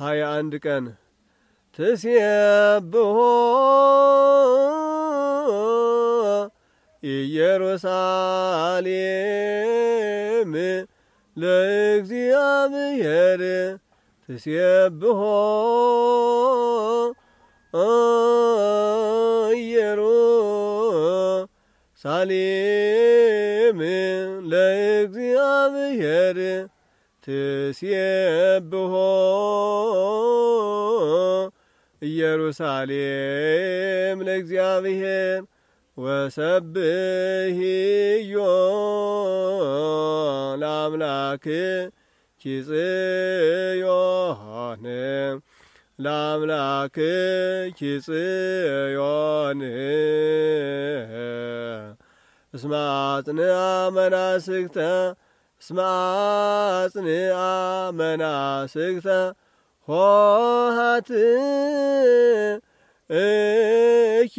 ሀያ አንድ ቀን ትስየብሖ ኢየሩሳሌም ለእግዚአብሔር ትስየብሖ ኢየሩሳሌም ለእግዚአብሔር ትሴብሖ ኢየሩሳሌም ለእግዚአብሔር ወሰብህዮ ለአምላክ ኪጽዮን ለአምላክ ኪጽዮን እስማጥን አመናስክተ እስመ አጽንዐ መናስግተ እኪ